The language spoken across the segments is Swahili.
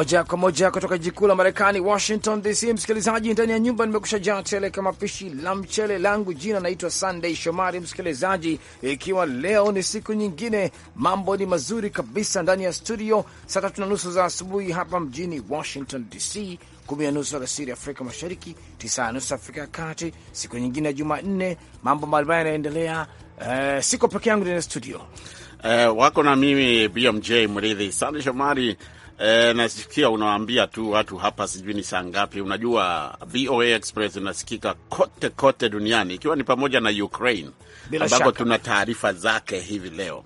Moja kwa moja kutoka jiji kuu la Marekani, Washington DC. Msikilizaji, ndani ya nyumba nimekusha jaa tele kama pishi la mchele langu. Jina naitwa Sunday Shomari. Msikilizaji, ikiwa leo ni siku nyingine, mambo ni mazuri kabisa ndani ya studio, saa tatu na nusu za asubuhi hapa mjini Washington DC, kumi na nusu alasiri Afrika Mashariki, tisa na nusu Afrika ya Kati. Siku nyingine ya Jumanne, mambo mbalimbali yanaendelea. Uh, siko peke yangu ndani ya studio. Uh, wako na mimi BMJ Mridhi, Sunday Shomari. E, nasikia unawaambia tu watu hapa, sijui ni saa ngapi. Unajua VOA Express inasikika kote kote duniani, ikiwa ni pamoja na Ukraine ambako tuna taarifa zake hivi leo.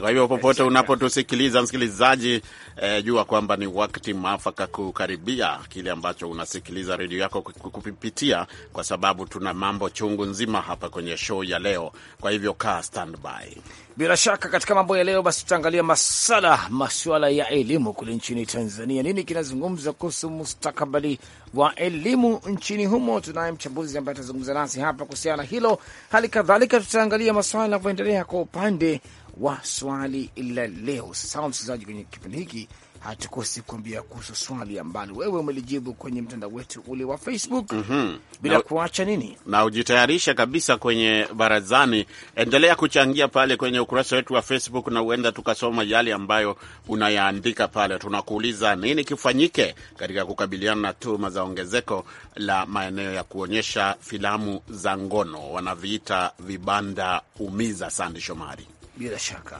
Kwa hivyo popote unapotusikiliza msikilizaji, eh, jua kwamba ni wakati mwafaka kukaribia kile ambacho unasikiliza redio yako kupipitia kwa sababu tuna mambo chungu nzima hapa kwenye show ya leo. Kwa hivyo kaa standby. Bila shaka katika mambo ya leo basi, tutaangalia masala masuala ya elimu kule nchini Tanzania. Nini kinazungumza kuhusu mustakabali wa elimu nchini humo? Tunaye mchambuzi ambaye atazungumza nasi hapa kuhusiana na hilo. Hali kadhalika tutaangalia masuala yanavyoendelea kwa upande wa swali la leo. Sawa msikilizaji, kwenye kipindi hiki hatukosi kuambia kuhusu swali ambalo wewe umelijibu kwenye mtandao wetu ule wa Facebook mm -hmm. bila na, kuacha nini na ujitayarisha kabisa kwenye barazani. Endelea kuchangia pale kwenye ukurasa wetu wa Facebook na huenda tukasoma yale ambayo unayaandika pale. Tunakuuliza nini kifanyike katika kukabiliana na tuhuma za ongezeko la maeneo ya kuonyesha filamu za ngono, wanaviita vibanda umiza. Sande Shomari bila shaka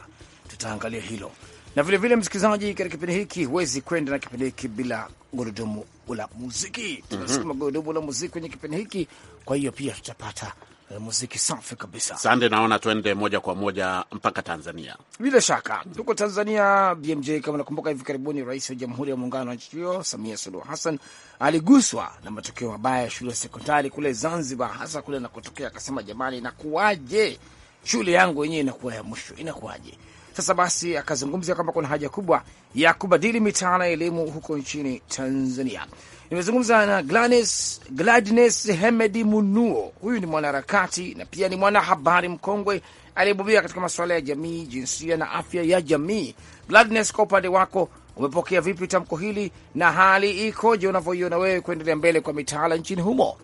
tutaangalia hilo na vilevile, msikilizaji, katika kipindi hiki huwezi kwenda na kipindi hiki bila gurudumu la muziki. Tunasukuma mm -hmm. gurudumu la muziki kwenye kipindi hiki, kwa hiyo pia tutapata eh, muziki safi kabisa. Sande, naona twende moja kwa moja mpaka Tanzania. Bila shaka huko Tanzania, BMJ, kama nakumbuka, hivi karibuni Rais wa Jamhuri ya Muungano wa nchi hiyo Samia Suluhu Hassan aliguswa na matokeo mabaya ya shule ya sekondari kule Zanzibar, hasa kule nakotokea, Akasema jamani, nakuwaje? shule yangu yenyewe inakuwa ya mwisho, inakuwaje? Sasa basi, akazungumza kwamba kuna haja kubwa ya kubadili mitaala ya elimu huko nchini Tanzania. Nimezungumza na Gladness, Gladness Hemedi Munuo. Huyu ni mwanaharakati na pia ni mwanahabari mkongwe aliyebobea katika masuala ya jamii, jinsia na afya ya jamii. Gladness, kwa upande wako umepokea vipi tamko hili na hali ikoje unavyoiona wewe kuendelea mbele kwa mitaala nchini humo?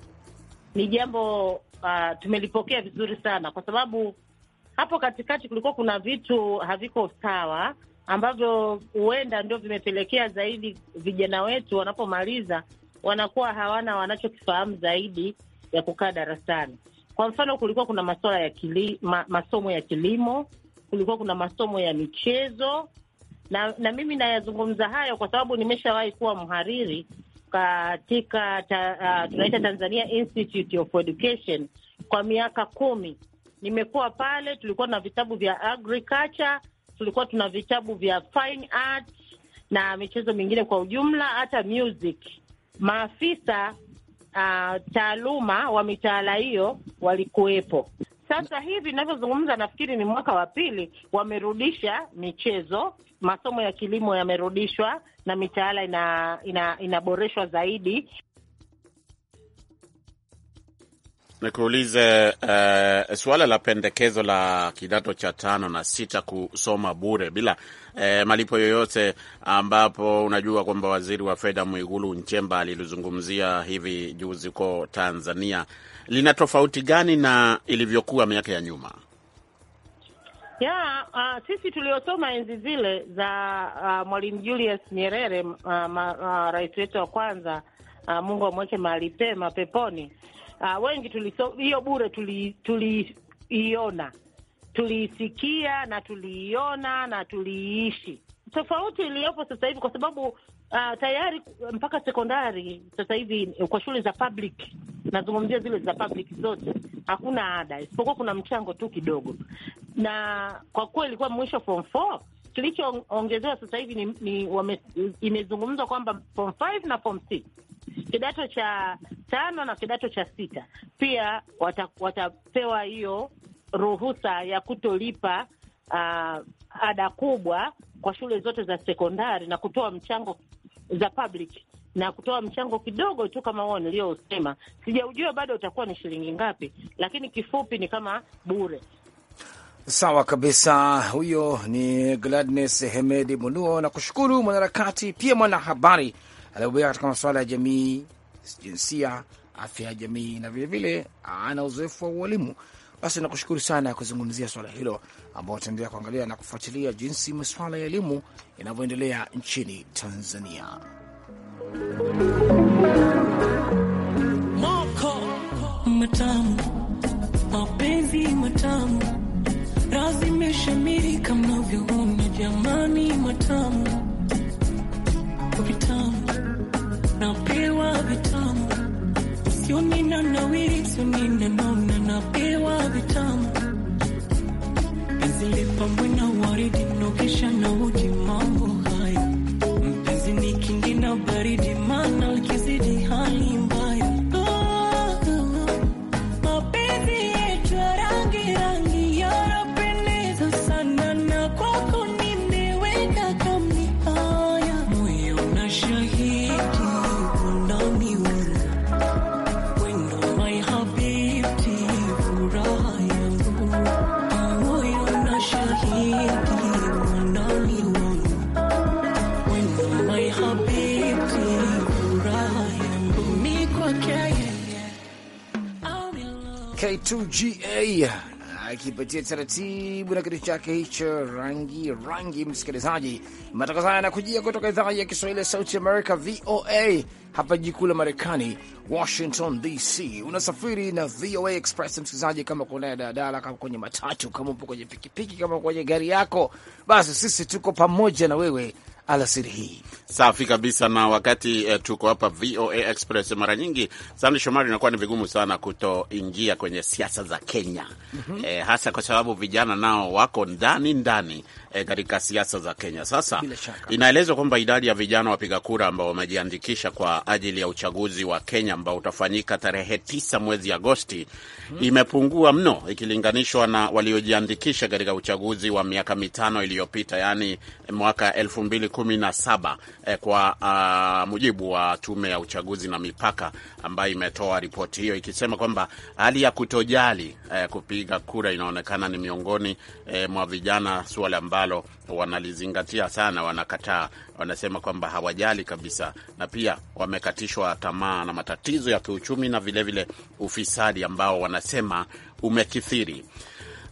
Ni jambo uh, tumelipokea vizuri sana kwa sababu hapo katikati kulikuwa kuna vitu haviko sawa ambavyo huenda ndio vimepelekea zaidi vijana wetu wanapomaliza wanakuwa hawana wanachokifahamu zaidi ya kukaa darasani. Kwa mfano, kulikuwa kuna masuala ya kili, ma, masomo ya kilimo, kulikuwa kuna masomo ya michezo na, na mimi nayazungumza hayo kwa sababu nimeshawahi kuwa mhariri katika ta, uh, tunaita Tanzania Institute of Education kwa miaka kumi nimekuwa pale, tulikuwa na vitabu vya agriculture, tulikuwa tuna vitabu vya fine art na michezo mingine kwa ujumla, hata music. Maafisa uh, taaluma wa mitaala hiyo walikuwepo. Sasa hivi ninavyozungumza, nafikiri ni mwaka wa pili wamerudisha michezo. Masomo ya kilimo yamerudishwa na mitaala ina, ina, inaboreshwa zaidi. Nikuulize uh, suala la pendekezo la kidato cha tano na sita kusoma bure bila uh, malipo yoyote, ambapo unajua kwamba waziri wa fedha Mwigulu Nchemba alilizungumzia hivi juzi huko Tanzania, lina tofauti gani na ilivyokuwa miaka ya nyuma? ya uh, sisi tuliosoma enzi zile za uh, Mwalimu Julius Nyerere uh, uh, rais wetu wa kwanza uh, Mungu amweke mahali pema peponi uh, wengi tuliso, hiyo bure tuliiona, tuliisikia na tuliiona na tuliiishi. Tofauti iliyopo sasa hivi kwa sababu uh, tayari mpaka sekondari sasa hivi kwa shule za public, nazungumzia zile za public zote, hakuna ada isipokuwa kuna mchango tu kidogo, na kwa kweli ilikuwa mwisho form four Kilichoongezewa sasa hivi ni, ni imezungumzwa kwamba form 5 na form 6 kidato cha tano na kidato cha sita pia wata, watapewa hiyo ruhusa ya kutolipa uh, ada kubwa kwa shule zote za sekondari na kutoa mchango za public na kutoa mchango kidogo tu kama wao niliyosema. Sijaujua bado utakuwa ni shilingi ngapi, lakini kifupi ni kama bure. Sawa kabisa, huyo ni Gladness Hemedi Munuo na kushukuru mwanaharakati pia mwanahabari aliobea katika masuala ya jamii, jinsia, afya ya jamii na vilevile ana uzoefu wa ualimu. Basi nakushukuru sana kuzungumzia swala hilo ambao utaendelea kuangalia na kufuatilia jinsi masuala ya elimu yanavyoendelea nchini Tanzania. Moko matamu, mapenzi matamu zimeshamiri kama mnavyoona jamani, matamu vitamu, napewa vitamu, sio nina nawiri, sio nina nona, napewa vitamu, penzi lipambwe na waridi, mnokesha na uji, mambo haya mpenzi ni kingi na baridi, mana K2GA akipatia taratibu na kitu chake hicho rangi rangi. Msikilizaji, matangazo haya yanakujia kutoka idhaa ya Kiswahili ya Sauti Amerika, VOA, hapa jiji kuu la Marekani, Washington DC. Unasafiri na VOA Express msikilizaji, kama kunaye ndani daladala, kama kwenye matatu, kama upo kwenye pikipiki, kama kwenye gari yako, basi sisi tuko pamoja na wewe alasiri hii. Safi kabisa. Na wakati eh, tuko hapa VOA Express, mara nyingi Sande Shomari, inakuwa ni vigumu sana kutoingia kwenye siasa za Kenya mm -hmm. eh, hasa kwa sababu vijana nao wako ndani ndani e, katika siasa za Kenya. Sasa inaelezwa kwamba idadi ya vijana wapiga kura ambao wamejiandikisha kwa ajili ya uchaguzi wa Kenya ambao utafanyika tarehe tisa mwezi Agosti hmm, imepungua mno ikilinganishwa na waliojiandikisha katika uchaguzi wa miaka mitano iliyopita, yaani mwaka elfu mbili kumi na saba e, kwa a, ah, mujibu wa tume ya uchaguzi na mipaka ambayo imetoa ripoti hiyo ikisema kwamba hali ya kutojali e, kupiga kura inaonekana ni miongoni e, mwa vijana suala ambalo ambalo wanalizingatia sana, wanakataa, wanasema kwamba hawajali kabisa, na pia wamekatishwa tamaa na matatizo ya kiuchumi na vilevile vile ufisadi ambao wanasema umekithiri.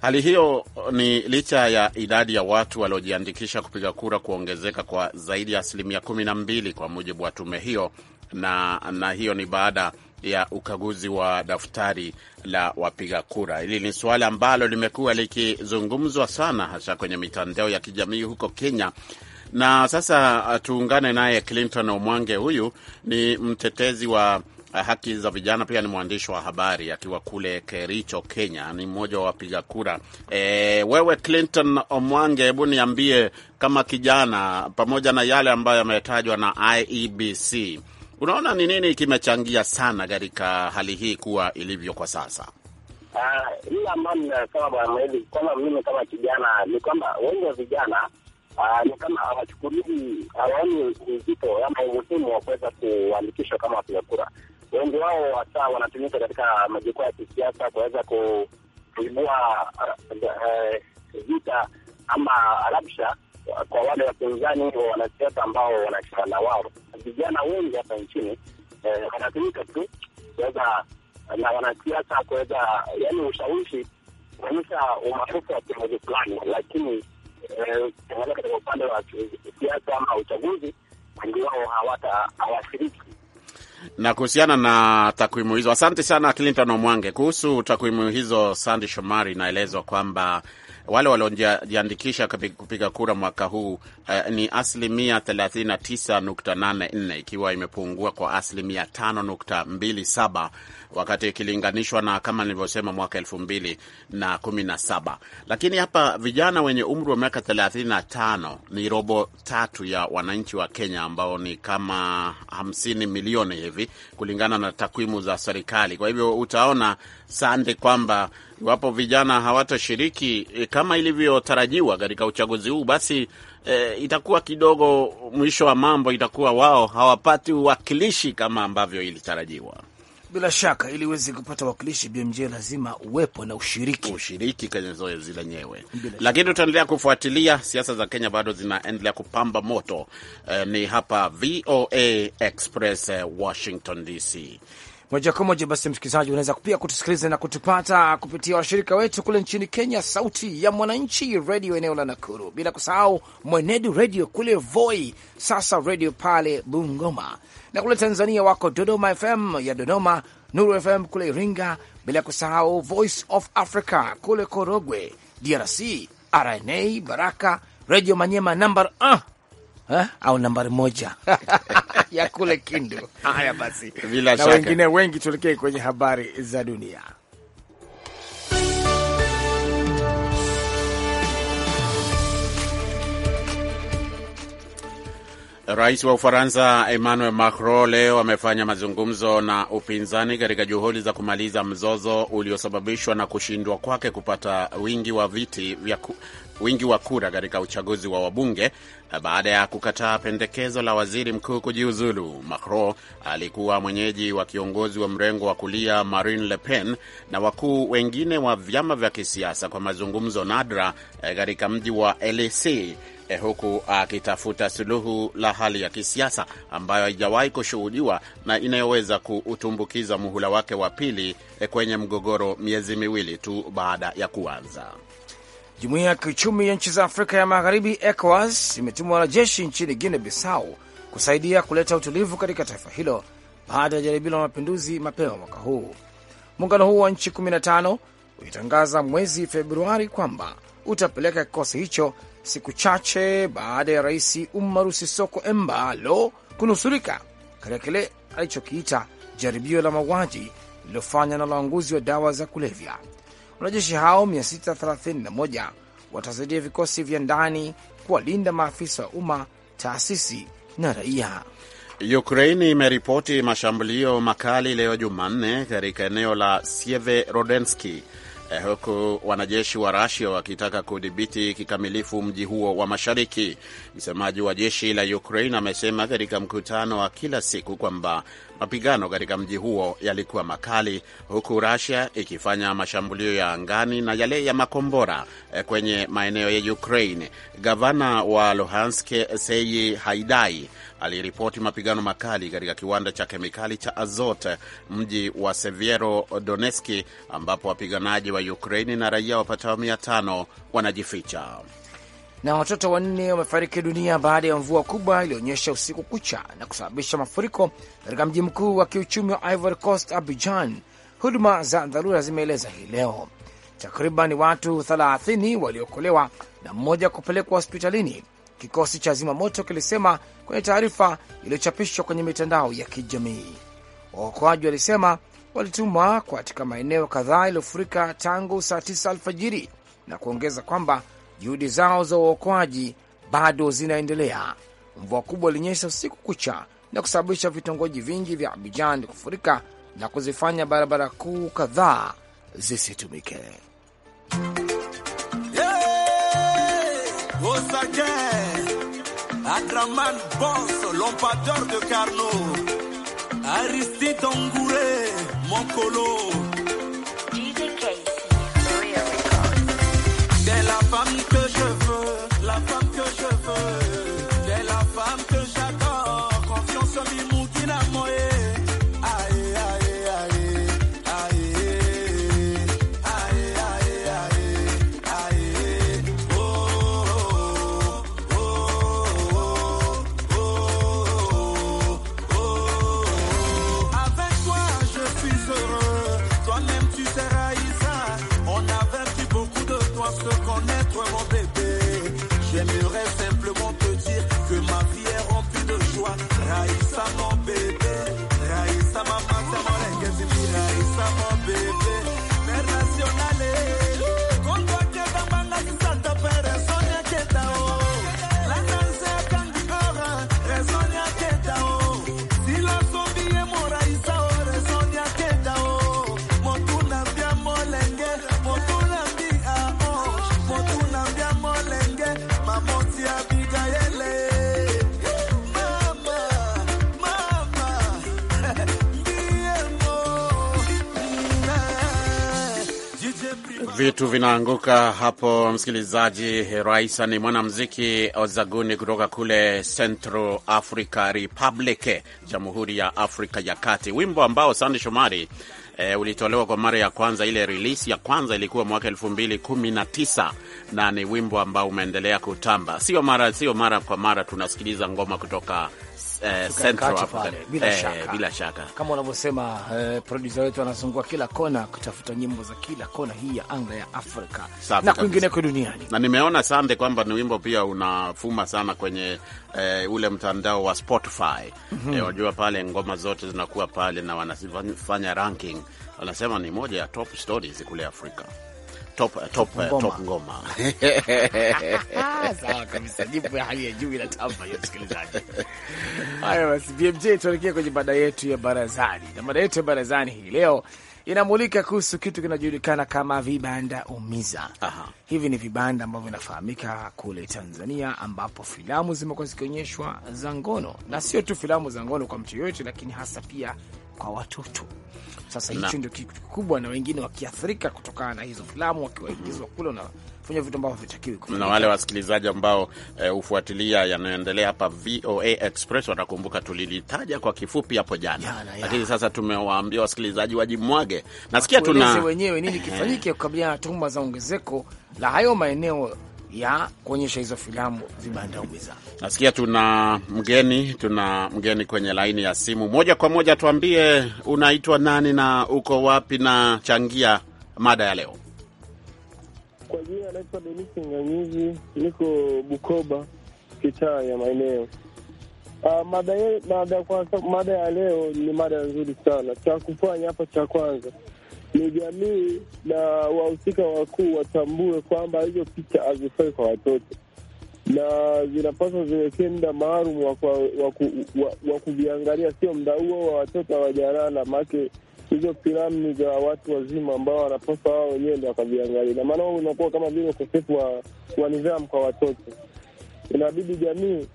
Hali hiyo ni licha ya idadi ya watu waliojiandikisha kupiga kura kuongezeka kwa zaidi ya asilimia kumi na mbili kwa mujibu wa tume hiyo, na, na hiyo ni baada ya ukaguzi wa daftari la wapiga kura. Hili ni suala ambalo limekuwa likizungumzwa sana, hasa kwenye mitandao ya kijamii huko Kenya. Na sasa uh, tuungane naye Clinton Omwange. Huyu ni mtetezi wa uh, haki za vijana, pia ni mwandishi wa habari akiwa kule Kericho, Kenya. Ni mmoja wa wapiga kura. E, wewe Clinton Omwange, hebu niambie, kama kijana, pamoja na yale ambayo yametajwa na IEBC, Unaona ni nini kimechangia sana katika hali hii kuwa ilivyo kwa sasa? uh, ah, ambayo ninasema bwana Mweli, kwamba mimi kama kijana ni kwamba wengi wa vijana ah, ni kama hawachukulii, hawaoni uzito ama umuhimu wa kuweza kuandikishwa kama wapiga kura. Wengi wao hasa wanatumika katika majukwaa ya kisiasa kuweza kuibua ah, eh, vita ama rabsha kwa wale wapinzani wa wanasiasa ambao wanachana wao, vijana wengi hapa nchini eh, wanatumika tu kuweza na wanasiasa kuweza, yani ushawishi kuonyesha umaarufu wa kiongozi fulani, lakini eh, katika upande wa siasa ama uchaguzi, wengi wao hawata hawashiriki na kuhusiana na takwimu hizo, asante sana Clinton Omwange. Kuhusu takwimu hizo, Sandi Shomari, inaelezwa kwamba wale waliojiandikisha kupiga kura mwaka huu uh, ni asilimia 39.84 ikiwa imepungua kwa asilimia 5.27 wakati ikilinganishwa na kama nilivyosema mwaka elfu mbili na kumi na saba. Lakini hapa vijana wenye umri wa miaka thelathini na tano ni robo tatu ya wananchi wa Kenya ambao ni kama hamsini milioni hivi kulingana na takwimu za serikali. Kwa hivyo utaona Sande kwamba iwapo vijana hawatashiriki e, kama ilivyotarajiwa katika uchaguzi huu, basi e, itakuwa kidogo, mwisho wa mambo itakuwa wao hawapati uwakilishi kama ambavyo ilitarajiwa. Bila shaka ili uweze kupata wakilishi BMJ lazima uwepo na ushiriki, ushiriki kwenye zoezi lenyewe. Lakini tutaendelea kufuatilia siasa za Kenya, bado zinaendelea kupamba moto. Eh, ni hapa VOA Express, eh, Washington DC moja kwa moja. Basi msikilizaji, unaweza pia kutusikiliza na kutupata kupitia washirika wetu kule nchini Kenya, Sauti ya Mwananchi redio eneo la Nakuru, bila kusahau Mwenedu redio kule Voi, sasa redio pale Bungoma, na kule Tanzania wako Dodoma FM ya Dodoma, Nuru FM kule Iringa, bila kusahau Voice of Africa kule Korogwe, DRC, RNA Baraka, redio Manyema namba ha? Eh? au nambari moja ya kule Kindu. Haya basi, bila shaka na wengine wengi, tuelekee kwenye habari za dunia. Rais wa Ufaransa Emmanuel Macron leo amefanya mazungumzo na upinzani katika juhudi za kumaliza mzozo uliosababishwa na kushindwa kwake kupata wingi wa viti vya, ku, wingi wa kura katika uchaguzi wa wabunge eh, baada ya kukataa pendekezo la waziri mkuu kujiuzulu. Macron alikuwa mwenyeji wa kiongozi wa mrengo wa kulia Marine Le Pen na wakuu wengine wa vyama vya kisiasa kwa mazungumzo nadra eh, katika mji wa lc E, eh, huku akitafuta suluhu la hali ya kisiasa ambayo haijawahi kushuhudiwa na inayoweza kuutumbukiza muhula wake wa pili kwenye mgogoro miezi miwili tu baada ya kuanza. Jumuiya ya kiuchumi ya nchi za Afrika ya Magharibi, ECOWAS, na wanajeshi nchini Guinea Bissau kusaidia kuleta utulivu katika taifa hilo baada ya jaribio la mapinduzi mapema mwaka huu. Muungano huu wa nchi 15 ulitangaza mwezi Februari kwamba utapeleka kikosi hicho siku chache baada ya Rais Umaru Sisoko Embalo kunusurika katika kile alichokiita jaribio la mauaji lililofanywa na walanguzi wa dawa za kulevya Wanajeshi hao 631 watasaidia vikosi vya ndani kuwalinda maafisa wa umma, taasisi na raia. Ukraini imeripoti mashambulio makali leo Jumanne katika eneo la rodenski eh, huku wanajeshi wa Rusia wakitaka kudhibiti kikamilifu mji huo wa mashariki. Msemaji wa jeshi la Ukraine amesema katika mkutano wa kila siku kwamba mapigano katika mji huo yalikuwa makali, huku Rusia ikifanya mashambulio ya angani na yale ya makombora eh, kwenye maeneo ya Ukraine. Gavana wa Luhansk Sei Haidai aliripoti mapigano makali katika kiwanda cha kemikali cha Azot, mji wa Severo Doneski, ambapo wapiganaji wa Ukraini na raia wapatao mia tano wanajificha na watoto wanne wamefariki dunia baada ya mvua kubwa iliyoonyesha usiku kucha na kusababisha mafuriko katika mji mkuu wa kiuchumi wa Ivory Coast, Abidjan. Huduma za dharura zimeeleza hii leo takriban watu 30 waliokolewa na mmoja kupelekwa hospitalini Kikosi cha zimamoto kilisema kwenye taarifa iliyochapishwa kwenye mitandao ya kijamii. Waokoaji walisema walitumwa katika maeneo kadhaa yaliyofurika tangu saa tisa alfajiri na kuongeza kwamba juhudi zao za uokoaji bado zinaendelea. Mvua kubwa ilinyesha usiku kucha na kusababisha vitongoji vingi vya abijan kufurika na kuzifanya barabara kuu kadhaa zisitumike. Yeah, Adraman pense l'ompadeur de Carnot, Aristide Angouré, mon colo. C'est la femme que je veux, la femme que je veux. vitu vinaanguka hapo, msikilizaji. Raisa ni mwanamziki ozaguni kutoka kule Central Africa Republic, Jamhuri ya Afrika ya Kati, wimbo ambao Sande Shomari E, ulitolewa kwa mara ya kwanza. Ile release ya kwanza ilikuwa mwaka elfu mbili kumi na tisa na ni wimbo ambao umeendelea kutamba, sio mara sio mara kwa mara tunasikiliza ngoma kutoka eh, central bila, eh, shaka. Bila shaka kama unavyosema uh, producer wetu anazungua kila kona kutafuta nyimbo za kila kona hii ya anga ya Afrika na kwingineko duniani, na nimeona Sande kwamba ni wimbo pia unafuma sana kwenye uh, ule mtandao wa Spotify mm -hmm. eh, pale ngoma zote zinakuwa pale na wanafanya ranking, wanasema ni moja ya top stories kule Afrika top, eh, top, eh, top ngoma. Sawa kabisa, jibu ya hali ya juu inatamba hiyo, msikilizaji. Haya basi, BMJ, tuelekea kwenye mada yetu ya barazani, na mada yetu ya barazani hii leo inamulika kuhusu kitu kinajulikana kama vibanda umiza. Aha. Hivi ni vibanda ambavyo vinafahamika kule Tanzania, ambapo filamu zimekuwa zikionyeshwa za ngono, na sio tu filamu za ngono kwa mtu yoyote, lakini hasa pia kwa watoto. Sasa hicho ndio kitu kikubwa, na wengine wakiathirika kutokana na hizo filamu wakiwaingizwa kule na fanya vitu ambavyo Na wale wasikilizaji ambao eh, hufuatilia eh, yanayoendelea hapa VOA Express watakumbuka tulilitaja kwa kifupi hapo jana, lakini sasa tumewaambia wasikilizaji wajimwage. Nasikia tuna wenyewe nini kifanyike kukabiliana na tuhuma za ongezeko la hayo maeneo ya kuonyesha hizo filamu zibandaumiza. Nasikia tuna mgeni, tuna mgeni kwenye laini ya simu moja kwa moja. Tuambie unaitwa nani na uko wapi, na changia mada ya leo. Kwa jina anaitwa Denis Nganyizi, niko Bukoba, kitaa ya maeneo. Uh, mada, mada, mada ya leo ni mada nzuri sana. Cha kufanya hapa cha kwanza ni jamii na wahusika wakuu watambue kwamba hizo picha hazifai kwa watoto na zinapaswa ziwekee muda maalum wa kuviangalia, sio muda huo wa watoto hawajalala. Maake hizo filamu za watu wazima ambao wanapaswa wao wenyewe ndo wakaviangalia, na maana unakuwa kama vile ukosefu wa nidhamu kwa watoto. Inabidi jamii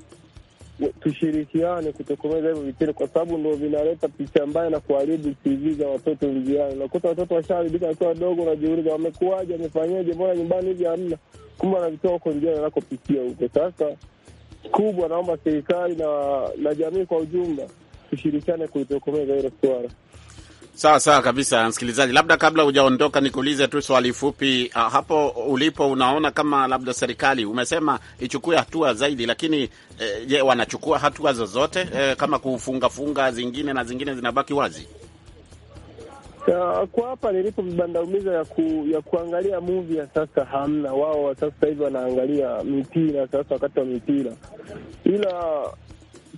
tushirikiane kutokomeza hivyo vitendo, kwa sababu ndo vinaleta picha mbaya na kuharibu TV za watoto njiani. Unakuta watoto washaharibika wakiwa wadogo, unajiuliza wamekuwaje, wamefanyeje, mbona nyumbani hivi hamna, kumbe wanavitoa huko njiani wanakopitia huko. Sasa kubwa, naomba serikali na na jamii kwa ujumla tushirikiane kulitokomeza hilo suala. Sawa sawa kabisa, msikilizaji, labda kabla hujaondoka, nikuulize tu swali fupi. Uh, hapo ulipo unaona kama labda serikali umesema ichukue hatua zaidi, lakini eh, je, wanachukua hatua zozote eh, kama kufungafunga zingine na zingine zinabaki wazi? Uh, kwa hapa nilipo mbandaumiza ya, ku, ya kuangalia movie ya sasa hamna. Wao sasa hivi wanaangalia mipira sasa, wakati wa mipira, ila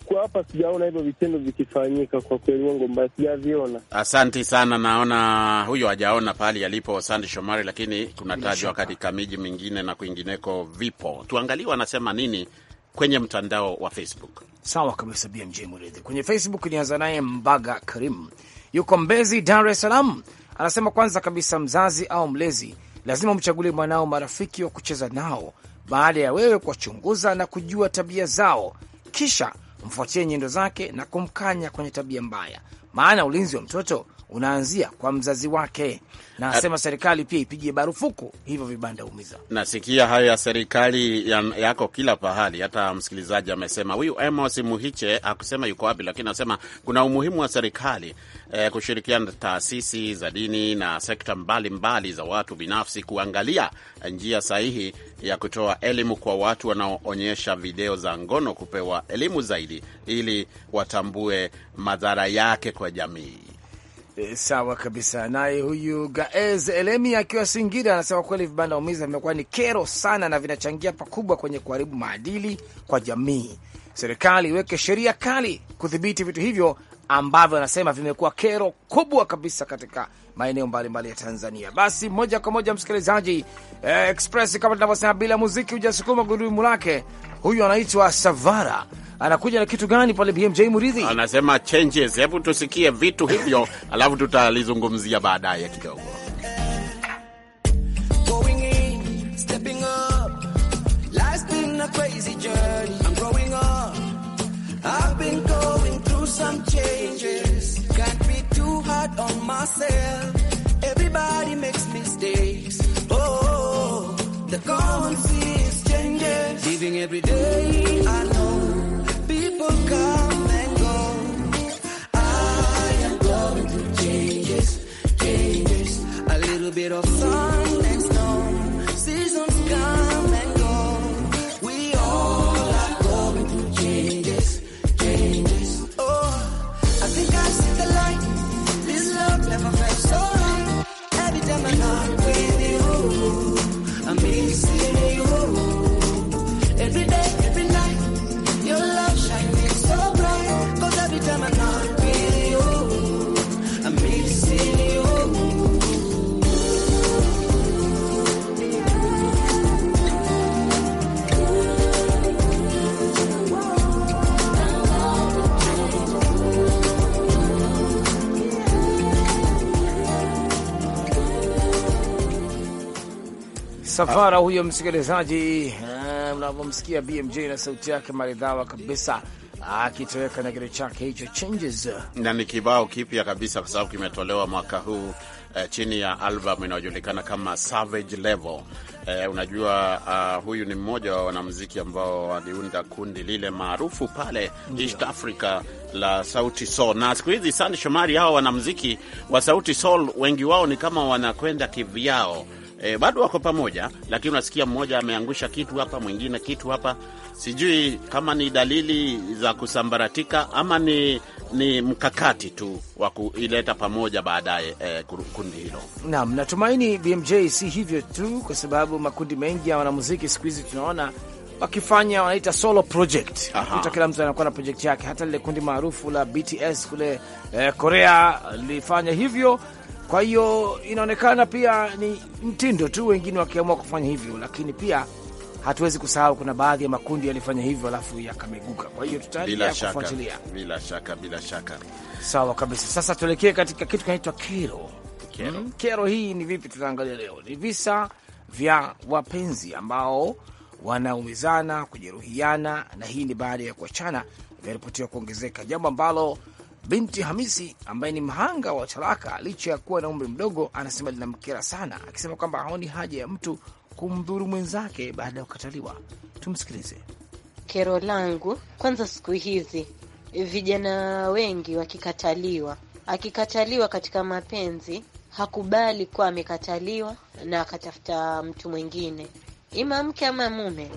kwa hapa sijaona hivyo vitendo vikifanyika kwa kweli, uongo mbaya, sijaviona. Asanti sana, naona huyo hajaona pahali alipo Sandi Shomari, lakini kunatajwa katika miji mingine na kwingineko vipo. Tuangalie wanasema nini kwenye mtandao wa Facebook. Sawa kabisa, BMJ Mridhi kwenye Facebook. Nianza naye Mbaga Karim, yuko Mbezi, Dar es Salaam, anasema kwanza kabisa, mzazi au mlezi lazima umchagulie mwanao marafiki wa kucheza nao baada ya wewe kuwachunguza na kujua tabia zao, kisha kumfuatia nyendo zake na kumkanya kwenye tabia mbaya, maana ulinzi wa mtoto unaanzia kwa mzazi wake, na asema serikali pia ipigie marufuku hivyo vibanda umiza. Nasikia hayo ya serikali yako kila pahali. Hata msikilizaji amesema, huyu Amos Muhiche akusema yuko wapi, lakini anasema kuna umuhimu wa serikali eh, kushirikiana na taasisi za dini na sekta mbalimbali mbali za watu binafsi kuangalia njia sahihi ya kutoa elimu kwa watu wanaoonyesha video za ngono kupewa elimu zaidi ili watambue madhara yake kwa jamii. E, sawa kabisa. Naye huyu Gaez Elemi akiwa Singida anasema kweli vibanda umiza vimekuwa ni kero sana na vinachangia pakubwa kwenye kuharibu maadili kwa jamii. Serikali iweke sheria kali kudhibiti vitu hivyo ambavyo anasema vimekuwa kero kubwa kabisa katika maeneo mbalimbali ya Tanzania. Basi moja kwa moja msikilizaji, eh, Express kama tunavyosema, bila muziki hujasukuma gurudumu lake. Huyu anaitwa Savara, anakuja na kitu gani pale BMJ Muridhi? Anasema changes. Hebu tusikie vitu hivyo alafu tutalizungumzia baadaye kidogo. Going in, stepping up, life's been a crazy journey. some changes. Can't be too hard on myself. Everybody makes mistakes. Oh, the common is changes. Living every day, I know people come and go. I am going through changes, changes. A little bit of sun. Safara huyo msikilizaji, eh, mnavyomsikia BMJ na sauti yake maridhawa kabisa akitoweka na kile chake hicho changes, na ni kibao kipya kabisa kwa sababu kimetolewa mwaka huu eh, chini ya album inayojulikana kama Savage Level. Eh, unajua uh, huyu ni mmoja wa wanamuziki ambao waliunda kundi lile maarufu pale East Africa la Sauti Sol, na siku hizi Sandi Shomari, hawa wanamuziki wa Sauti Sol wengi wao ni kama wanakwenda kivyao e, bado wako pamoja, lakini unasikia mmoja ameangusha kitu hapa, mwingine kitu hapa. Sijui kama ni dalili za kusambaratika ama ni ni mkakati tu wa kuileta pamoja baadaye e, kundi hilo. Naam, natumaini BMJ si hivyo tu, kwa sababu makundi mengi ya wanamuziki siku hizi tunaona wakifanya wanaita solo project, kuta kila mtu anakuwa na project yake. Hata lile kundi maarufu la BTS kule eh, Korea lilifanya hivyo kwa hiyo inaonekana pia ni mtindo tu, wengine wakiamua kufanya hivyo, lakini pia hatuwezi kusahau kuna baadhi ya makundi yalifanya hivyo alafu yakameguka. Kwa hiyo tutaendelea kufuatilia bila shaka, bila shaka. Sawa kabisa. Sasa tuelekee katika kitu kinaitwa kero. Kero. Hmm. kero hii ni vipi? Tutaangalia leo ni visa vya wapenzi ambao wanaumizana, kujeruhiana, na hii ni baada ya kuachana, vyaripotiwa kuongezeka, jambo ambalo Binti Hamisi ambaye ni mhanga wa talaka, licha ya kuwa na umri mdogo, anasema linamkera sana, akisema kwamba haoni haja ya mtu kumdhuru mwenzake baada ya kukataliwa. Tumsikilize. Kero langu kwanza, siku hizi vijana wengi wakikataliwa, akikataliwa katika mapenzi hakubali kuwa amekataliwa na akatafuta mtu mwingine, ima mke ama mume.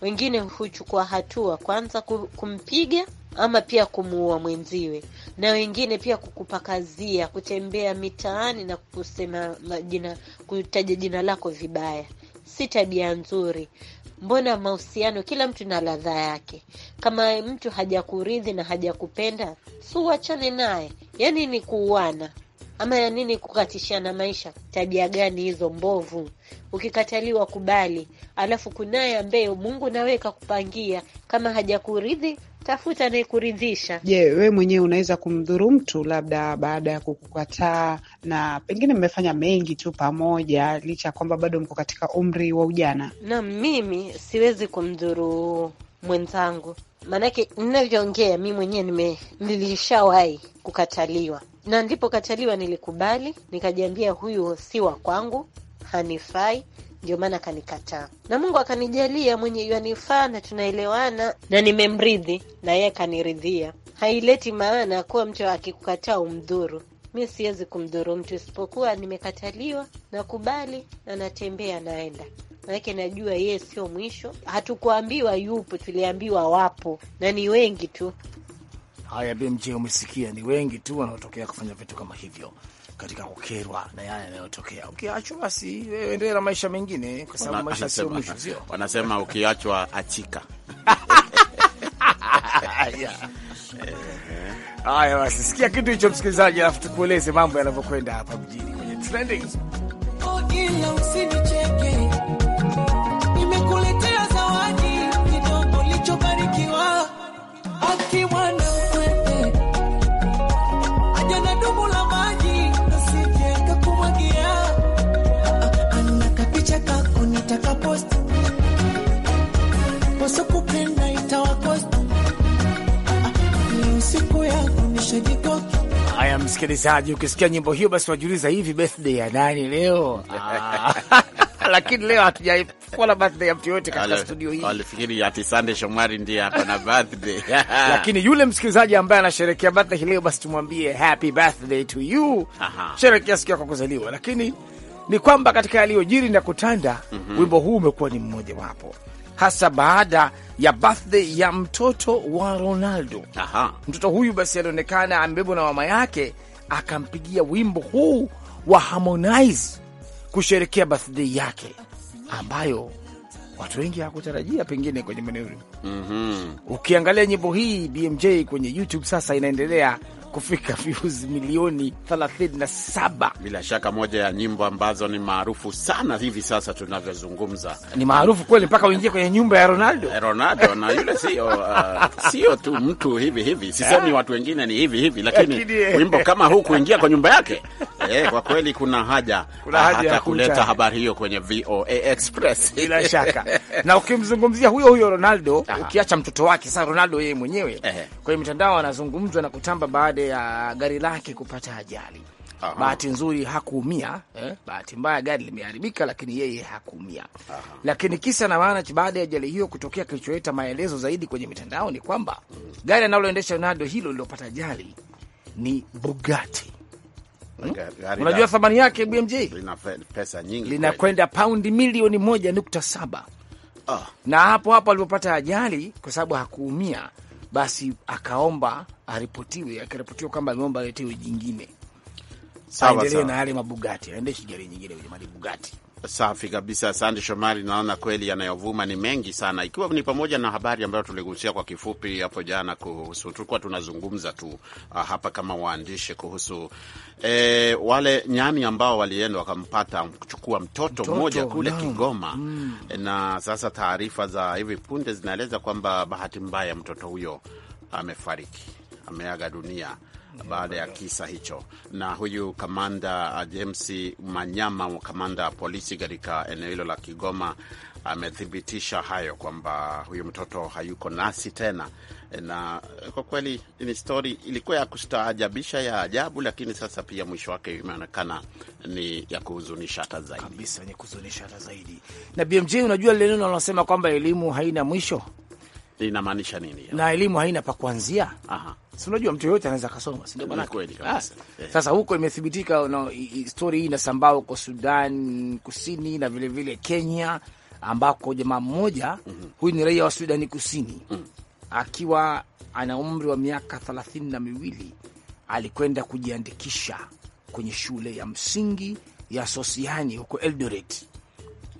Wengine huchukua hatua kwanza kumpiga ama pia kumuua mwenziwe, na wengine pia kukupakazia, kutembea mitaani na kusema majina, kutaja jina lako vibaya, si tabia nzuri. Mbona mahusiano, kila mtu na ladha yake. Kama mtu hajakuridhi na hajakupenda, si uachane naye. Yani ni kuuana ama ya nini kukatishana maisha? Tabia gani hizo mbovu? Ukikataliwa kubali, alafu kunaye ambaye Mungu nawe kakupangia, kama hajakuridhi tafuta anayekuridhisha. Je, yeah, wewe mwenyewe unaweza kumdhuru mtu labda baada ya kukukataa, na pengine mmefanya mengi tu pamoja, licha ya kwamba bado mko katika umri wa ujana? Na mimi siwezi kumdhuru mwenzangu, maanake ninavyoongea mi mwenyewe nilishawahi kukataliwa na ndipo kataliwa, Nilikubali, nikajiambia huyu si wa kwangu, hanifai ndio maana akanikataa, na Mungu akanijalia mwenye yanifaa na tunaelewana, na nimemridhi na yeye akaniridhia. Haileti maana kuwa mtu akikukataa umdhuru. Mi siwezi kumdhuru mtu, isipokuwa nimekataliwa, nakubali na natembea, naenda manake najua yeye sio mwisho. Hatukuambiwa yupo, tuliambiwa wapo na ni wengi tu. Haya, BMJ, umesikia ni wengi tu wanaotokea kufanya vitu kama hivyo katika kukerwa na yale yanayotokea. Ukiachwa basi wewe endelea na maisha mengine, kwa sababu maisha sio mwisho, sio wanasema, ukiachwa achika. Haya basi, sikia kitu hicho msikilizaji, alafu tukueleze mambo yanavyokwenda hapa mjini kwenye trending. Oh, nataka post wasokupenda itawakost ni usiku yako nishajikoki Haya, msikilizaji, ukisikia nyimbo hiyo basi wajiuliza hivi birthday ya nani leo? Ah. Lakini leo na birthday ya mtu yoyote katika studio hii. Walifikiri ati Sande Shomari ndiye ako na birthday. Lakini yule msikilizaji ambaye anasherekea birthday leo, basi tumwambie happy birthday to you. Sherekea siku yako kuzaliwa. Lakini ni kwamba katika yaliyojiri na kutanda mm -hmm. wimbo huu umekuwa ni mmojawapo hasa baada ya birthday ya mtoto wa Ronaldo. Aha. Mtoto huyu basi alionekana amebebwa na mama yake, akampigia wimbo huu wa Harmonize kusherekea birthday yake ambayo watu wengi hawakutarajia pengine kwenye maneno. mm -hmm. Ukiangalia nyimbo hii BMJ kwenye YouTube sasa inaendelea kufika views milioni 37. Bila shaka moja ya nyimbo ambazo ni maarufu sana hivi sasa tunavyozungumza, ni maarufu kweli mpaka uingie kwenye nyumba ya Ronaldo eh, Ronaldo na yule sio uh, sio tu mtu hivi hivi, sisemi eh. watu wengine ni hivi hivi, lakini eh. wimbo kama huu kuingia kwa nyumba yake eh, kwa kweli kuna haja, kuna uh, haja hata kuleta habari hiyo kwenye VOA Express bila shaka. Na ukimzungumzia huyo huyo Ronaldo, ukiacha mtoto wake, sasa Ronaldo yeye mwenyewe kwenye mitandao anazungumzwa na kutamba baada baada ya gari lake kupata ajali. Aha. Bahati nzuri hakuumia eh. Bahati mbaya gari limeharibika, lakini yeye hakuumia. Lakini kisa na maana baada ya ajali hiyo kutokea, kilicholeta maelezo zaidi kwenye mitandao ni kwamba gari analoendesha Ronaldo hilo lilopata ajali ni Bugatti. Hmm? Unajua thamani yake BMJ linakwenda paundi milioni moja nukta saba oh. Na hapo hapo alipopata ajali, kwa sababu hakuumia, basi akaomba aripotiwe, akiripotiwa kwamba ameomba aletewe jingine, aendelee na yale mabugati, aendeshe gari nyingine kwenye bugati. Safi kabisa, asante Shomari. Naona kweli yanayovuma ni mengi sana, ikiwa ni pamoja na habari ambayo tuligusia kwa kifupi hapo jana kuhusu, tulikuwa tunazungumza tu uh, hapa kama waandishi kuhusu e, wale nyani ambao walienda wakampata kuchukua mtoto mmoja kule no. Kigoma mm. Na sasa taarifa za hivi punde zinaeleza kwamba bahati mbaya mtoto huyo amefariki ameaga dunia baada ya kisa hicho. Na huyu kamanda uh, James Manyama, kamanda wa polisi katika eneo hilo la Kigoma, amethibitisha hayo kwamba huyu mtoto hayuko nasi tena. Na kwa kweli ni stori ilikuwa ya kustaajabisha, ya ajabu, lakini sasa pia mwisho wake imeonekana ni ya kuhuzunisha hata zaidi kabisa, ni kuhuzunisha hata zaidi. Na BMJ, unajua lile neno wanasema kwamba elimu haina mwisho inamaanisha nini? Na elimu haina pa kuanzia, si unajua mtu yoyote anaweza kasoma, si ndio? Maana kweli kabisa. Ah. Eh. Sasa huko imethibitika no, stori hii inasambaa huko Sudan Kusini na vilevile vile Kenya, ambako jamaa mmoja mm -hmm. huyu ni raia wa Sudani Kusini mm -hmm. akiwa ana umri wa miaka thelathini na miwili alikwenda kujiandikisha kwenye shule ya msingi ya Sosiani huko Eldoret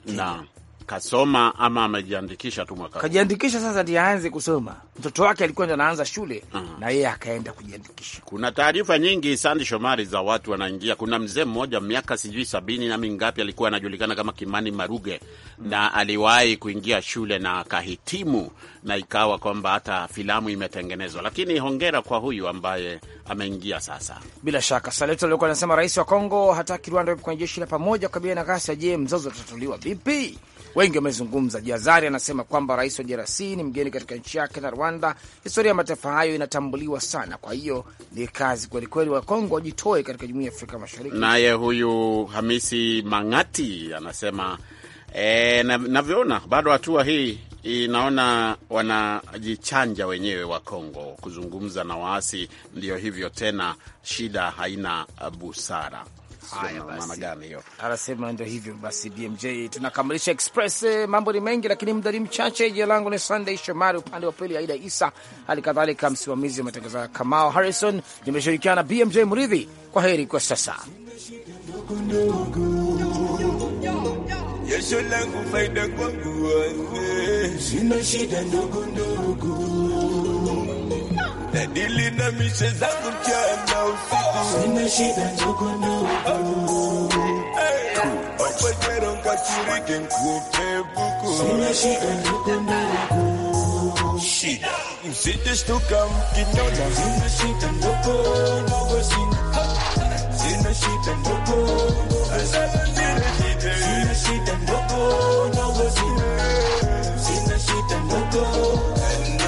na kasoma ama amejiandikisha tu mwaka, kajiandikisha sasa ndiye aanze kusoma. Mtoto wake alikuwa ndo anaanza shule uh -huh. na yeye akaenda kujiandikisha. Kuna taarifa nyingi sandi Shomari za watu wanaingia. Kuna mzee mmoja miaka sijui sabini na mingapi alikuwa anajulikana kama Kimani Maruge mm. -hmm. na aliwahi kuingia shule na akahitimu, na ikawa kwamba hata filamu imetengenezwa. Lakini hongera kwa huyu ambaye ameingia sasa. Bila shaka Saleto aliokuwa anasema rais wa Kongo hataki Rwanda kwenye jeshi la pamoja kukabiliana na ghasia. Je, mzozo utatuliwa vipi? wengi wamezungumza. Jazari anasema kwamba rais wa DRC ni mgeni katika nchi yake na Rwanda, historia ya mataifa hayo inatambuliwa sana. Kwa hiyo ni kazi kwelikweli, Wakongo wajitoe katika jumuiya ya Afrika Mashariki. Naye huyu Hamisi Mang'ati anasema e, navyoona bado hatua hii inaona wanajichanja wenyewe wa Kongo kuzungumza na waasi. ndio hivyo tena, shida haina busara hiyo anasema ndio hivyo basi. BMJ tunakamilisha Express. Eh, mambo ni mengi, lakini muda ni mchache. Jina langu ni Sunday Shomari, upande wa pili Aida Isa, hali kadhalika msimamizi wa matangazo ya Kamao Harrison. Nimeshirikiana na BMJ mridhi Kwa heri kwa sasa. Jasho langu faida kwangu, sina shida ndogo ndogo na dili na mishe zangu mchana usiku, sina shida ndogo ndogo opejeronga chiriki nkupe buku, sina shida ndogo ndogo shida msijeshtuka mkinona, sina shida ndogo ndogo sina sina shida ndogo